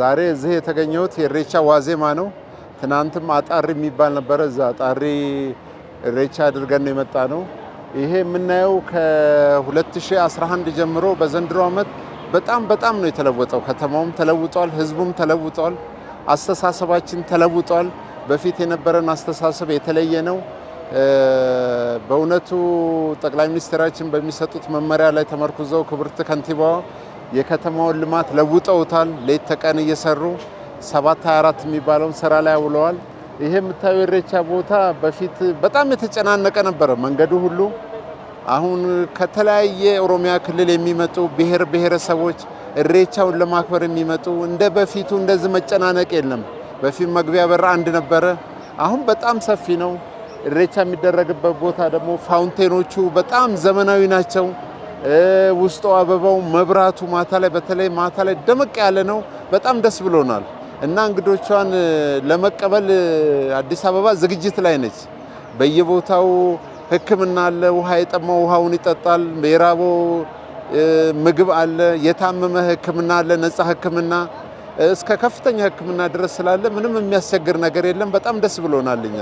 ዛሬ እዚህ የተገኘሁት የኢሬቻ ዋዜማ ነው። ትናንትም አጣሪ የሚባል ነበረ። እዛ አጣሪ ኢሬቻ አድርገን ነው የመጣ ነው። ይሄ የምናየው ከ2011 ጀምሮ በዘንድሮ ዓመት በጣም በጣም ነው የተለወጠው። ከተማውም ተለውጧል፣ ህዝቡም ተለውጧል፣ አስተሳሰባችን ተለውጧል። በፊት የነበረን አስተሳሰብ የተለየ ነው። በእውነቱ ጠቅላይ ሚኒስትራችን በሚሰጡት መመሪያ ላይ ተመርኩዘው ክብርት ከንቲባዋ የከተማውን ልማት ለውጠውታል። ሌት ተቀን እየሰሩ 724 የሚባለውን ስራ ላይ አውለዋል። ይሄ የምታዩ ኢሬቻ ቦታ በፊት በጣም የተጨናነቀ ነበረ መንገዱ ሁሉ። አሁን ከተለያየ ኦሮሚያ ክልል የሚመጡ ብሔር ብሔረሰቦች እሬቻውን ለማክበር የሚመጡ እንደ በፊቱ እንደዚህ መጨናነቅ የለም። በፊት መግቢያ በር አንድ ነበረ፣ አሁን በጣም ሰፊ ነው። እሬቻ የሚደረግበት ቦታ ደግሞ ፋውንቴኖቹ በጣም ዘመናዊ ናቸው። ውስጡ አበባው፣ መብራቱ ማታ ላይ በተለይ ማታ ላይ ደመቅ ያለ ነው። በጣም ደስ ብሎናል እና እንግዶቿን ለመቀበል አዲስ አበባ ዝግጅት ላይ ነች። በየቦታው ሕክምና አለ። ውሃ የጠማው ውሃውን ይጠጣል። የራበው ምግብ አለ። የታመመ ሕክምና አለ፣ ነፃ ሕክምና እስከ ከፍተኛ ሕክምና ድረስ ስላለ ምንም የሚያስቸግር ነገር የለም። በጣም ደስ ብሎናል እኛ